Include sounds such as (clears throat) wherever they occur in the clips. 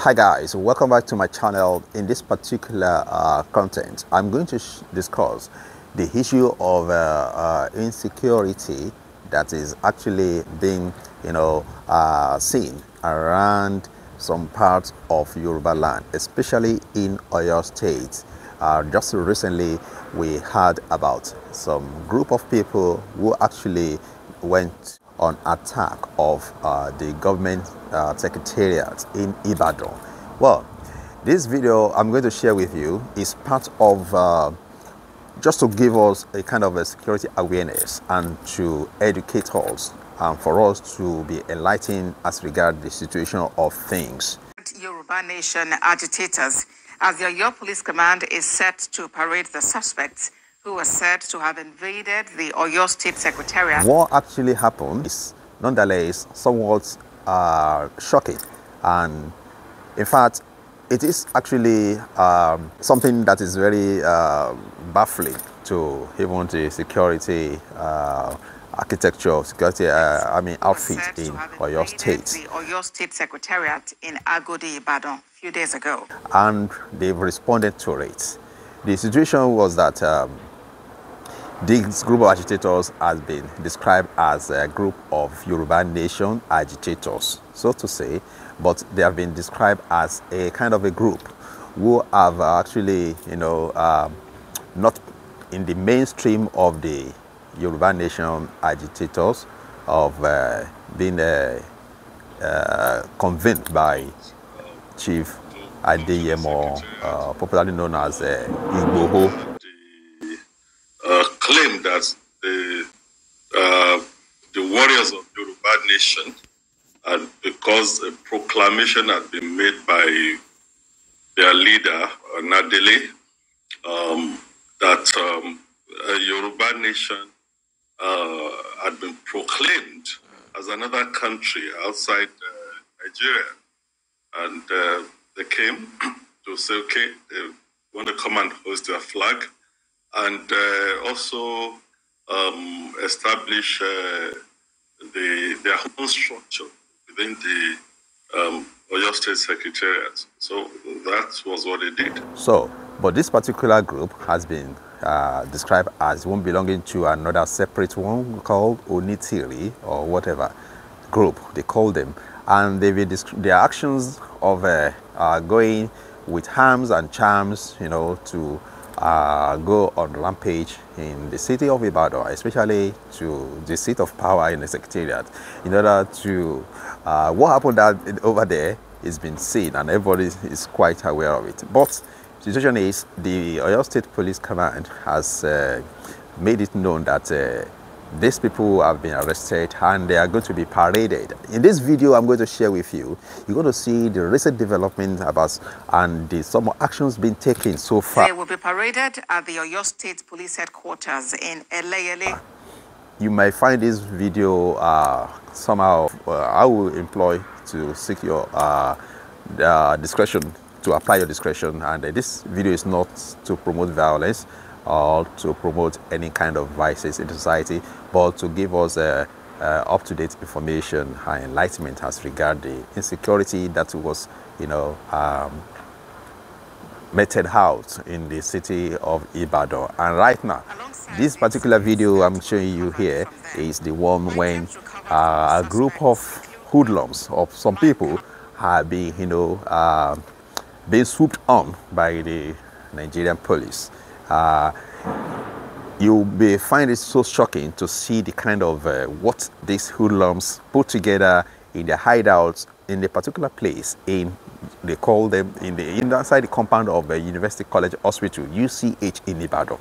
hi guys welcome back to my channel in this particular uh, content i'm going to discuss the issue of uh, uh, insecurity that is actually being you know uh, seen around some parts of yoruba land especially in oyo state uh, just recently we heard about some group of people who actually went on attack of uh, the government uh, secretariat in Ibadan. Well, this video I'm going to share with you is part of uh, just to give us a kind of a security awareness and to educate us and for us to be enlightened as regards the situation of things. Yoruba Nation agitators as your Police Command is set to parade the suspects who were said to have invaded the Oyo State Secretariat. What actually happened is nonetheless somewhat uh, shocking and in fact it is actually um, something that is very uh, baffling to even the security uh, architecture, security, uh, I mean, outfit in Oyo State. The Oyo State Secretariat in Agodi, Ibadan, a few days ago. And they've responded to it. The situation was that um, this group of agitators has been described as a group of Yoruba nation agitators, so to say, but they have been described as a kind of a group who have actually, you know, um, not in the mainstream of the Yoruba nation agitators of uh, being uh, uh, by Chief Adeyemo, uh, popularly known as uh, Igboho that the uh, the warriors of Yoruba nation, and because a proclamation had been made by their leader Nadele, um, that um, Yoruba nation uh, had been proclaimed as another country outside uh, Nigeria, and uh, they came (clears throat) to say, okay, they want to come and host their flag and uh, also um, establish uh, the, their own structure within the um, Oyo State Secretariat. So that was what they did. So, but this particular group has been uh, described as one belonging to another separate one called Onitiri or whatever group they call them. And they their actions of uh, uh, going with harms and charms, you know, to uh, go on rampage in the city of Ibadan, especially to the seat of power in the secretariat, in order to uh, what happened that, over there is being seen and everybody is quite aware of it. But the situation is the Oyo State Police Command has uh, made it known that uh, these people have been arrested and they are going to be paraded. In this video I'm going to share with you, you're going to see the recent developments about and the, some actions being taken so far. They will be paraded at the Oyo State Police Headquarters in Eleyele. You may find this video uh, somehow uh, I will employ to seek your uh, uh discretion, to apply your discretion. And uh, this video is not to promote violence or to promote any kind of vices in society, but to give us uh, uh, up-to-date information and enlightenment as regard the insecurity that was, you know, um, meted out in the city of Ibadan. And right now, this particular video I'm showing you here is the one when uh, a group of hoodlums of some people have been, you know, uh, being swooped on by the Nigerian police. Uh, you may find it so shocking to see the kind of uh, what these hoodlums put together in their hideouts in a particular place in they call them in the inside the compound of the uh, University College Hospital UCH in Ibadan.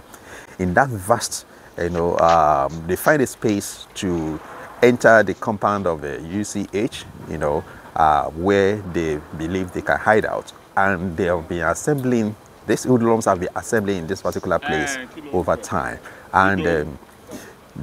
In that vast, you know, um, they find a space to enter the compound of the uh, UCH, you know, uh, where they believe they can hide out, and they'll be assembling these hoodlums have been assembling in this particular eh, place over time. And um,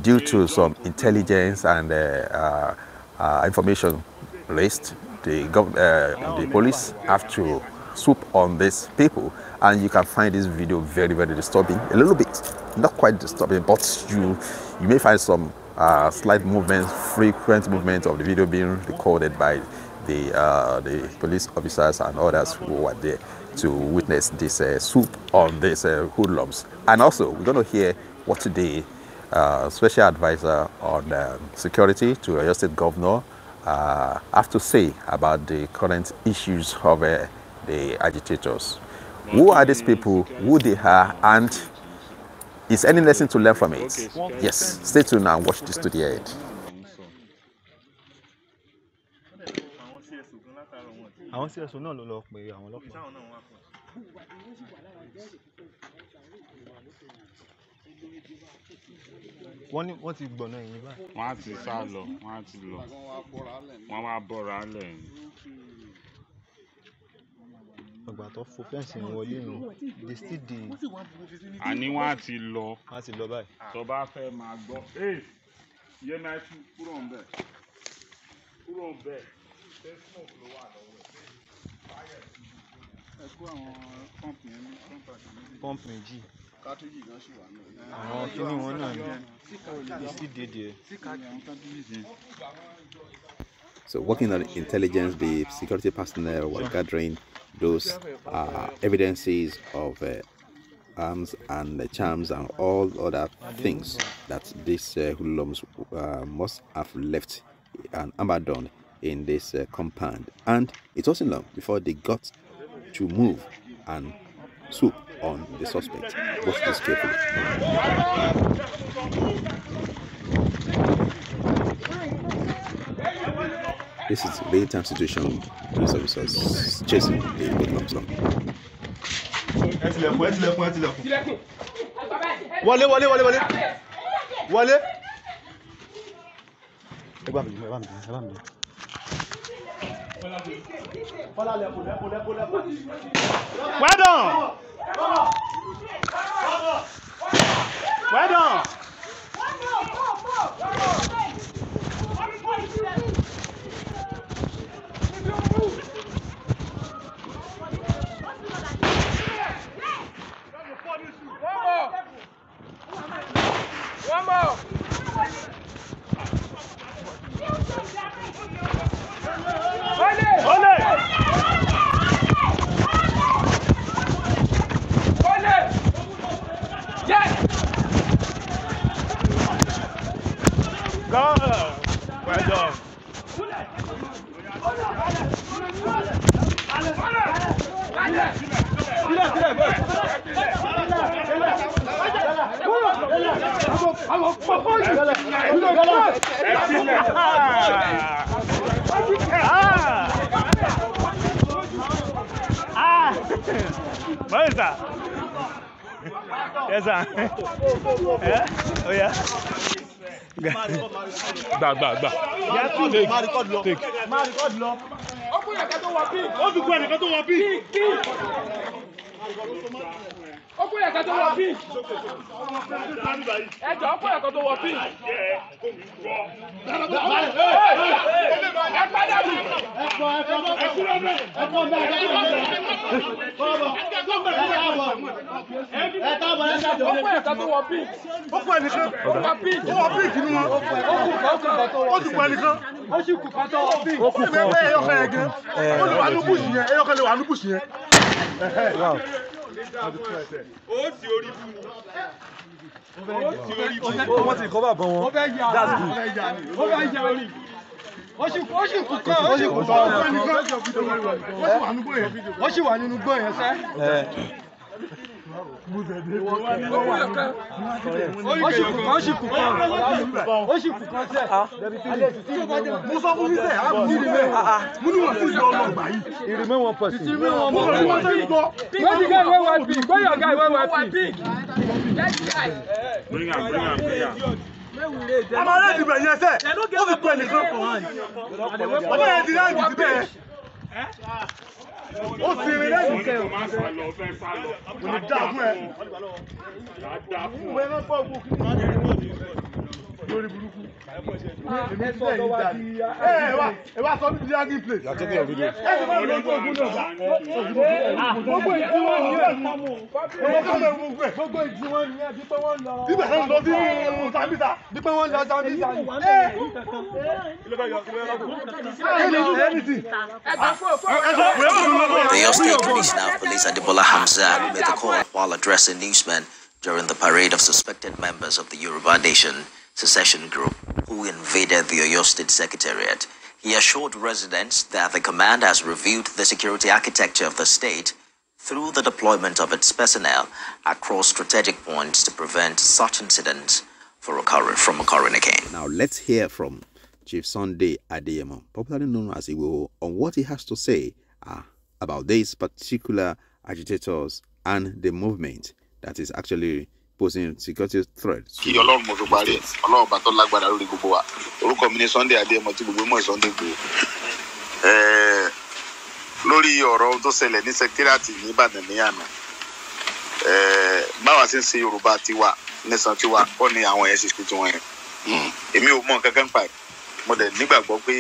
due to some intelligence and uh, uh, uh information released, the, uh, the police have to swoop on these people and you can find this video very very disturbing a little bit not quite disturbing but you you may find some uh, slight movements frequent movements of the video being recorded by the uh, the police officers and others who were there to witness this uh, swoop on these uh, hoodlums. And also, we're going to hear what the uh, special advisor on um, security to your State Governor uh, have to say about the current issues of uh, the agitators. Who are these people? Who they are? And is any lesson to learn from it? Yes, stay tuned and watch this to the end. látara wọn. àwọn sí ẹ̀sùn náà ló lọ pé àwọn ọlọ́pàá. ìṣáwọn náà wà fún wọ́n ní wọ́n ti gbọ̀nà ẹ̀yìn báyìí. wọ́n á ti sá lọ wọ́n á ti lọ wọ́n wá bọ́ra lẹ̀. ọgbà tó fo fẹ́ǹsì ń wọlé nù di sídìí. àní wọ́n á ti lọ. wọ́n á ti lọ báyìí. tó bá fẹ́ máa gbọ́. yéé náà kúrò ń bẹ̀ kúrò ń bẹ̀. gan ṣì wà So, working on intelligence, the security personnel were gathering those uh, evidences of uh, arms and the charms and all other things that these uh, uh, must have left and abandoned in this uh, compound. And it wasn't long before they got to move and swoop on the suspect. Watch this carefully. This is real time situation police officers chasing the hoodlums Wale, wale, wale, wale. Wale. Well done. Well done. What is that? Yes, sir. yeah? Oh, yeah. gba gba gba take ó fi kú ẹnìkan tó wọ bí ó pé ẹ̀ka tó wọ pink ẹ̀jọ̀ ó pé ẹ̀ka tó wọ pink. ẹ padà bì. ẹ̀kọ́ ẹ̀kọ́ ẹ̀kọ́ ẹ̀kọ́ ẹ̀kọ́ ó pé ẹ̀ka tó wọ pink. ó pé ẹnìkan ó wọ pink ó wọ pink nínú wọn. ó kù kọ́kọ́ ó ti pọ̀ ẹnìkan. ó sì kù kọ́kọ́ wọ pink. ó kù kọ́kọ́ ẹ̀yọkọ̀ yẹn gan. ó lè wà ní bùsì yẹn ẹ̀yọkọ̀ lè wà ní bùsì yẹn dá fún ẹ ó sì orí fún mi ó sì orí fún mi. wọ́n ti kọ́ bàbá wọn. ó fẹ́ yà ó fẹ́ yà orí fún mi ó sì kú kan ó sì kú kan ó sì wà nínú gbọ́ yẹn sẹ́. Eh ó sì kù kan ó sì kù kan sẹ mo sọ fún mi sẹ a kù nídìí bẹ́ẹ̀ mo ní wọn fún ìjọ ọlọgbà yìí. ìrìnmẹ́ wọn pọ̀ sí i. ìrìnmẹ́ wọn pọ̀ sí i. wọ́n ti gá ìwé wa pì gbọ́yọ̀ gá ìwé wa pì. bring am bring am bring am ọmọ ọlọ́ọ̀dì bẹ̀ yẹn sẹ́ ó fi pẹ̀lú ìfọ̀kàn hàn ọmọ ẹ̀ ti ráǹdì síbẹ̀ ó sì rìn lẹ́yìn tẹ̀ ọ́. kò ní dáa fún ẹ. dáa fún ẹ. They burúkú ah. ah. ah. State Police Hamza made the call while addressing newsmen during the parade of suspected members of the Yoruba Nation secession group who invaded the Oyo State Secretariat. He assured residents that the command has reviewed the security architecture of the state through the deployment of its personnel across strategic points to prevent such incidents from occurring again. Now let's hear from Chief Sunday Adeyemo, popularly known as Iwo, on what he has to say uh, about these particular agitators and the movement that is actually bó ṣe security threat. kí ọlọ́run mo fi parí ọlọ́run bá tó lágbára lórí gbogbo wa orúkọ mi ni Sunday Adéyẹmọ tí gbogbo mọ̀ Sunday gbòó lórí ọ̀rọ̀ tó ṣẹlẹ̀ ní sẹkírátì ní Ìbàdàn ní àná báwa ṣe ń ṣe Yorùbá tiwa nìsan tiwa kọ́ ni àwọn yẹn ṣe tiwọn yẹn èmi ò mọ kankan pa ẹ̀ mo dẹ̀ nígbàgbọ́ pé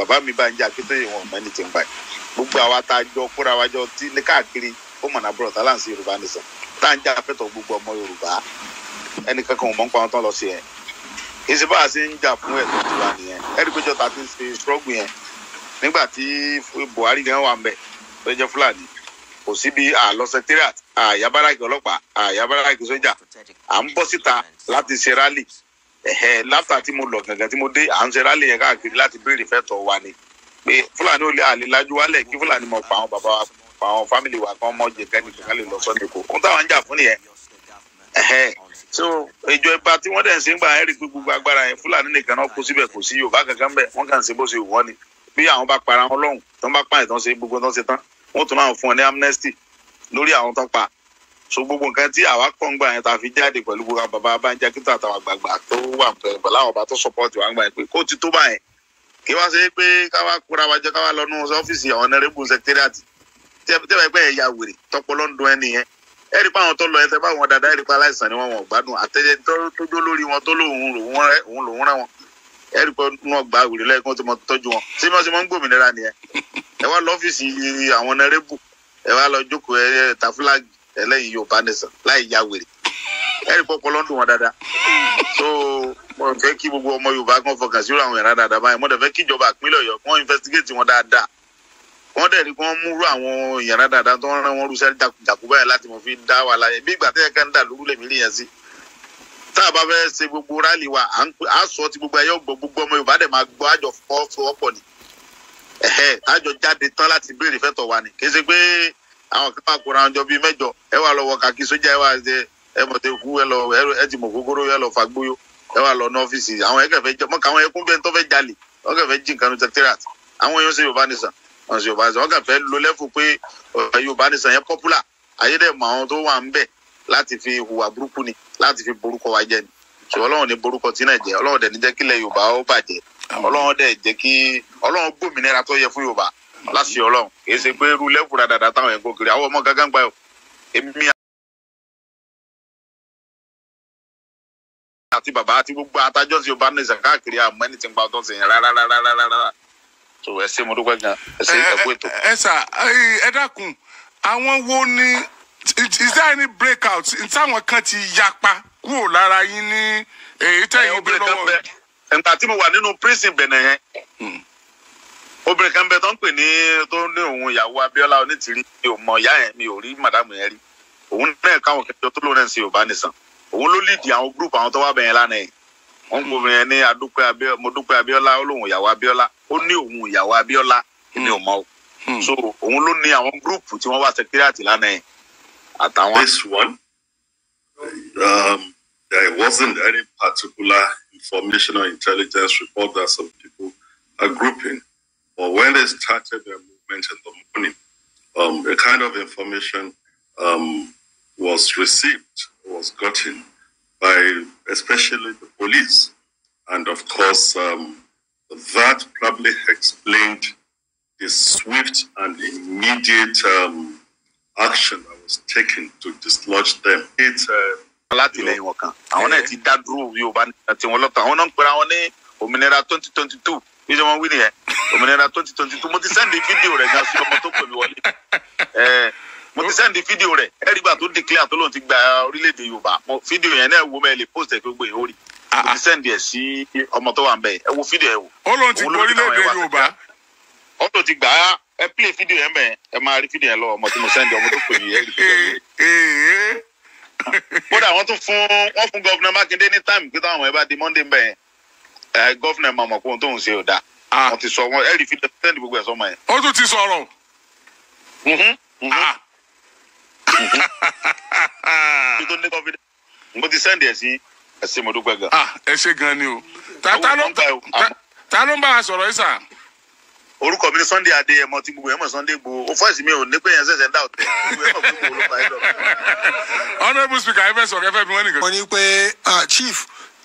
bàbá mi bá ń jẹ́ akíntóye wọn mọ́ ẹni ń pa ẹ̀ gbogbo àwa tá a jọ kóra tí ní káàkiri ó mọ̀nà bọ̀rọ̀ tá là ń ṣe Yorùbá tá à ń jà fẹ́tọ̀ gbogbo ọmọ yorùbá ẹnìkan kan ò mọ̀ ń pa wọn tán lọ sí yẹn èsì bá a ṣe ń jà fún ẹ̀tọ́ tiwa nìyẹn ẹ̀rí péjọ ta ti ń ṣe struggle yẹn nígbà tí buhari gan wà ń bẹ̀ tó jẹ́ fúlàní kò síbi àlọ́ secretariat àyàbáràkì ọlọ́pàá àyàbáràkì sójà à ń bọ́ síta láti ṣe rally ẹ̀hẹ́ láfta tí mo lọ gàngàn tí mo dé à ń ṣe rally yẹn káàkiri láti béèrè fẹ́tọ̀ wa ni pé fúlàní ò lè àlélájú wálẹ̀ kí fúlàní mọ̀ pa àwọn bàbá wa ọ̀pọ̀ àwọn fámìlì wa kan mọ́ jẹ kẹ́ni kan lè lọ sọ́dọ̀ èkó ohun táwọn ń jà fún nìyẹn so ìjọ ipa tí wọ́n dẹ̀ ń ṣe ń gbà ẹ́rì pé gbogbo agbára yẹn fúlàní nìkan náà kó síbẹ̀ kò sí yorùbá kankan bẹ́ẹ̀ wọ́n kàn ṣe bó ṣe wọ́n ni bí àwọn bá para wọn lọ́hùn tó ń bá pààyàn tó ń ṣe gbogbo tó ń ṣe tán wọ́n tún náà fún ọ ní amnesty lórí àwọn tó pa so gbogbo nǹkan tí àwa kọ́ ń gbà yẹn ta fi jáde pẹ̀lú gbogbo bàbá abájá kí tàtàwà gbàgbà tó wà pẹ̀lú àwọn bá tó support wa ń gbà yẹn pé kó ti tó báyẹn kí wá ṣe pé káwá kóra wájọ káwá lọ nú ọ́fíìsì àwọn ẹnẹrẹ́bù secretariat tẹ́wọ̀ ẹgbẹ́ ẹ̀yà wèrè tọpọlọ ń dun ẹni yẹn ẹ rí i pé àwọn tó lọ ẹsẹ̀ bá wọn dáadáa ẹ rí i pé aláìsàn ni wọn wọn gbádùn àtẹ̀jẹ tó dó lórí wọn tó lóhùn lòún rán wọn ẹ rí i pé wọn gba wèrè lẹ́yìn kí wọ́n ti mọ tọ́jú wọn tí wọ́n ti mọ ń gbòmìnira nìyẹn ẹ wá lọ́fíìsì àwọn nẹ́rẹ́bù ẹ wá lọ jókòó ẹ ta fúlàgì ẹlẹ́yìn Yorùbá nìsan láì ya wèrè ẹ rí i pé ọpọlọ ń dùn wọn dáadáa so mo fẹ́ kí gbogbo ọmọ Yorùbá kan fọkàn sí àwọn yàrá dáadáa báyìí mo dẹ̀ fẹ́ kíjọba àpínlẹ̀ Ọ̀yọ́ kí wọ́n wọ́n dẹ̀ rí kí wọ́n múrú àwọn èèyàn dáadáa tó ń rán wọn rúṣẹ́ jàkújàkú báyìí láti mọ̀ fi dá wa láyé bí ìgbà tẹ́yẹ kan dà lóru lèmi lè yẹn sí. tá a bá fẹ́ ṣe gbogbo rálì wa à ń sọ ti gbogbo ẹyọ gbọ́ gbogbo ọmọ Yorùbá dẹ̀ máa gbọ́ àjọ fọwọ́pọ̀ ni àjọ jáde tán láti béèrè fẹ́tọ̀ wa ni kì í ṣe pé àwọn kan máa kóra ọjọ́ bíi mẹ́jọ ẹ wà lọ́wọ́ kàkí sójà ẹ wà ṣe ẹ mọ̀ tẹ́ kú ẹ lọ ẹ ti mọ̀ kókóró ẹ lọ fàgbóyó ẹ wà lọ ní ọ́fíìsì àwọn ẹ̀kẹ́ fẹ́ jẹ́ mọ́ka àwọn ẹkún bẹ́ẹ̀ tó fẹ́ jalè ọ̀kẹ́ fẹ́ jí nǹkan ní tẹ́tẹ́rẹ́t àwọn èèyàn ṣe Yorùbá nìsan wọn sì yorùbá nìsan wọn kàn fẹ́ lo lẹ́fù pé yorùbá nìsan yẹn popular ayédèmọ àwọn tó wà ń bẹ̀ láti fi hùwà burúkú ni láti fi borúkọ wa jẹ ni sọ ọlọ́run ní borúkọ tí náà jẹ ọlọ́run dẹ̀ ní jẹ́ kílẹ̀ yorùbá ó bàjẹ́ ọlọ́run dẹ̀ jẹ́ kí ọlọ́run gbòmìnira tó yẹ fún yorùbá láti ọlọ́run kì í ṣe pé irú lẹ́fù rádàdà táwọn ẹ̀kọ́ kiri àwọn ọmọ gángan gba èmi àti bàbá àti gbogbo atajọ́sí yorùbá nìsan káàkiri àmọ́ ẹni tí ń pa ọtọ́ sẹ́yìn rárá rárá rárá so ẹsẹ mo dúpẹ́ gan ẹsẹ ẹkú ètò. ẹ sà ẹ dákun àwọn wo ni is there any breakout táwọn kan ti yapa kúrò lára yín ní èyí tẹ̀yìn gbé lọ́wọ́. nígbà tí mo wà nínú prison bẹ̀nẹ̀ yẹn hmm. obìnrin kan bẹ tó ń pè ní tó ní òun ìyàwó Abíọ́lá Onítìrí mi ò mọ ìyá yẹn mi ò rí màdàmù yẹn rí òun náà káwọn kẹjọ tó lóun náà ṣe Yorùbá nìsan òun ló lead àwọn group àwọn tó wà bẹ̀yẹn lánàá yìí wọn kò bẹ̀yẹn ní adúpẹ́ Abíọ́lá mo dúpẹ́ Abíọ́lá olóhùn ìyàwó Abíọ́lá ó ní òun ìyàwó Abíọ́lá èmi ò hmm. o hmm. so òun ló ní àwọn gúrùpù tí wọ́n wá sẹkírìàtì lánàá yẹn àtàwọn. this one um, there wasn't any particular information or intelligence report that some people are grouping but when they started their movement in the morning um, a kind of information um, was received was gotten by especially the police and of course. Um, that probably explained the swift and immediate um, action I was taking to dislodge them. It's a uh, alátìlẹyìn wọn kan àwọn náà eh. ti dá dúró yorùbá nìkan tí wọn lọtàn àwọn náà ń pera wọn ní òmìnira twenty twenty two bí wọn wí nìyẹn òmìnira twenty twenty two mo ti video fídíò rẹ̀ gan sí ọmọ tó eh, mo ti sẹ́ndì fídíò rẹ̀ ẹ̀rí gbà tó declare tó lóun ti gba orílẹ̀-èdè yorùbá fídíò yẹn náà wo mẹ́ẹ̀lì post ẹ̀ gbogbo ìhórí. Ah, ah. send ẹ sí ọmọ tó wà ń bẹ ẹ wo fídíò ẹ wò. ó lóun ti gbórí léde yorùbá. ó lóun ti gbà á ẹ play fídíò ẹ mẹ ẹ máa rí fídíò ẹ lọ ọmọ tí mo send ọmọ tó pè yìí ẹ rí fídíò ẹ. Eh, eh, eh. kódà wọ́n tún fún wọ́n fún gọ́vùnà mákindé ní táìmù pé táwọn ẹ bá di monday bẹ́ẹ̀ ẹ gọ́vùnà máa mọ̀ kóhun tóun ṣe ò dáa. Ah. wọ́n ti sọ wọn ẹ rí fídíò send gbogbo ẹ sọmọ yẹn. ó tún ti sọ̀rọ̀. Mm-hmm, mm-hmm. Mm-hmm. mo ti send ẹ sí ẹ ṣé mo dúpẹ́ gan. ah ẹ ṣé gan ni o ta ló ń bá a sọ̀rọ̀ yìí sà. orúkọ mi ni Sunday Adéyẹmọ tí gbogbo ẹmọ Sunday Igboho o fọyìsì mi ò ní pé yẹn ṣẹ̀ṣẹ̀ dá òtẹ gbogbo ẹmọ gbogbo ló fà é lọ. (laughs) honourable speaker ẹ fẹ́ sọ̀rọ̀ ẹ fẹ́ bí wọ́n nìkan. mo ní pé ah, chief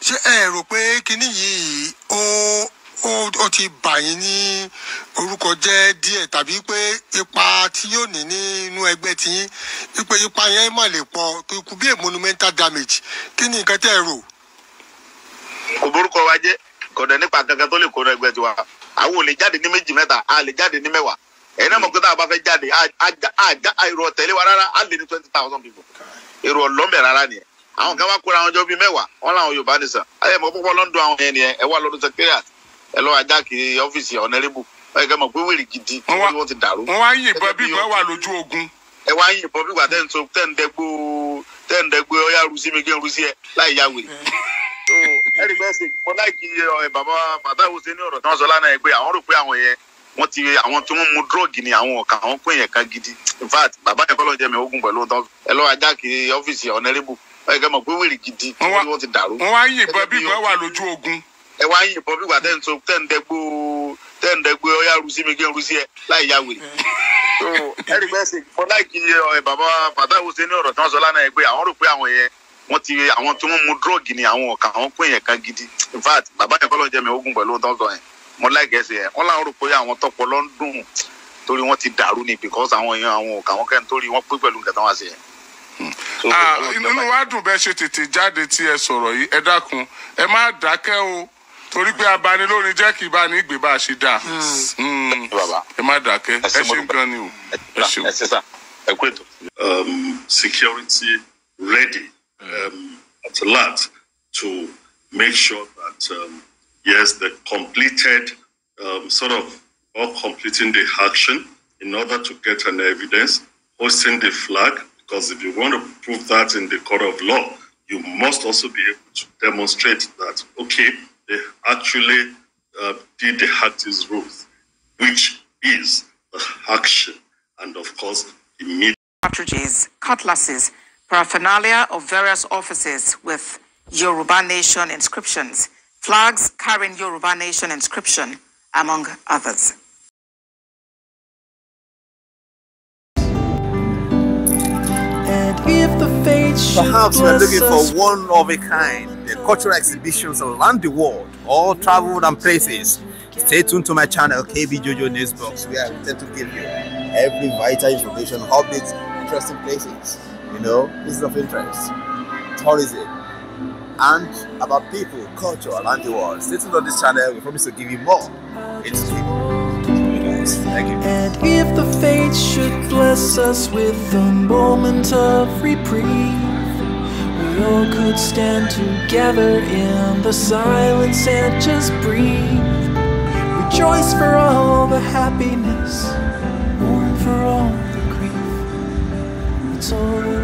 ṣé ẹ rò pé kinní yìí ó ó ti bà yín ní orúkọ jẹ́ díẹ̀ tàbí pé ipa tí yóò ní nínú ẹgbẹ́ tí yín pé ipa yẹn mà lè pọ̀ kò bí monumental damage kí ni nǹkan tẹ́ ẹ rò. kò borúkọ wa jẹ́ kò dẹ̀ nípa kankan tó lè kó ẹgbẹ́ tiwa àwọn ò lè jáde ní méjì mẹ́ta a lè jáde ní mẹ́wàá ẹ̀yin náà mọ̀ pé tá a bá fẹ́ jáde èrò ọ̀tẹ̀lé wa rárá a lè ní twenty thousand people èrò ọ̀lọ́mẹ̀ rárá nìyẹn àwọn kan wá kóra àwọn ọjọ́ bíi mẹ́wàá wọn làwọn Yorùbá nìsan ayé mọ̀ pọ́pọ́ London àwọn yẹn nìyẹn ẹ wá lọ́dún secretariat ẹ lọ́wọ́ ajá kì í ọ́fíìsì ọ̀nẹ́rẹ́bù ẹ kẹ́ mọ̀ pé wèrè gidi tí wọ́n ti dàrú. wọ́n wá yìnbọn bí ìgbà wà lójú ogun. ẹ wá yìnbọn bí ìgbà tẹ́ ń so tẹ́ ń dẹ́gbó tẹ́ ń dẹ́gbó ọyá rusí mi kí n rusí ẹ láì ya wèrè. ẹnì bẹ́ẹ̀ sì mo láìkí bàbá bàbá ìwòsàn ní ọ̀rọ̀ tí wọ́n sọ lánàá yẹn pé àwọn rò pé àwọn yẹn wọ́n ti àwọn tí wọ́n mu dúrọ́ọ̀gì ni àwọn ọ̀ka àwọn pín yẹn kan gidi in fact bàbá yẹn kọ́lọ́ jẹ́ mi ogun pẹ̀lú ọ̀tọ́ ẹ lọ́wọ́ ajá kì í ọ́fíìsì ọ̀nẹ́rẹ́bù ẹ kẹ́ mọ̀ pé wèrè gidi tí wọ́n ti dàrú. wọ́n wá yìnbọn bí ìgbà wà lójú ogun ẹ wá ń yìnbọn bí wà tẹ́ ń so tẹ́ ń dẹ́gbó tẹ́ ń dẹ́gbó ọ̀yá rusi mi kí n rusi ẹ láì yá wèrè. ẹ̀rí bẹ́ẹ̀ sì fọ́ láìkí bàbá Fatai Hussein ní ọ̀rọ̀ tí wọ́n sọ lánàá yẹn pé àwọn rò pé àwọn yẹn wọ́n ti àwọn tí wọ́n mu dúrọ́ọ̀gì ni àwọn ọ̀kà àwọn pín yẹn kan gidi in fact bàbá yẹn kọ́ ló ń jẹ́ mi ogun pẹ̀lú ohun tó ń sọ yẹn mo láìgẹ̀ẹ́sẹ̀ yẹn wọ́n láwọn rò pé àwọn tọpọ ló ń dùn torí wọ́n ti dàrú ni because àwọn èèyàn àwọn ọ̀kà wọn kẹ́ni torí wọ́n pé pẹ̀lú nǹkan táwọn àṣẹ yẹn hmm. ah, inú wa dùn bẹ́ẹ̀ ṣe tètè jáde tí ẹ sọ̀rọ̀ yìí ẹ dákun ẹ má dákẹ́ o torí pé abanilórin jẹ́ kí ìbáni gbé bá a ṣe dáa hmm. hmm. ẹ má dákẹ́ ẹ ṣe ń gan ni o um, security ready um, at large to make sure that um, yes, they completed um, sort of all completing the action in order to get an evidence, hosting the flag, because if you want to prove that in the court of law, you must also be able to demonstrate that, okay, they actually uh, did Hattie's Ruth, which is action and, of course, immediate cartridges, cutlasses, paraphernalia of various offices with Yoruba Nation inscriptions, flags carrying Yoruba Nation inscription, among others. Perhaps we're looking for one of a kind the cultural exhibitions around the world, all traveled and places. Stay tuned to my channel, KB Jojo Newsbox, We are intend to give you every vital information, updates, interesting places, you know, places of interest, tourism, and about people, culture around the world. Stay tuned on this channel, we promise to give you more. It's Thank you. And if the fate should bless us with a moment of reprieve we all could stand together in the silence and just breathe. Rejoice for all the happiness, mourn for all the grief. It's all.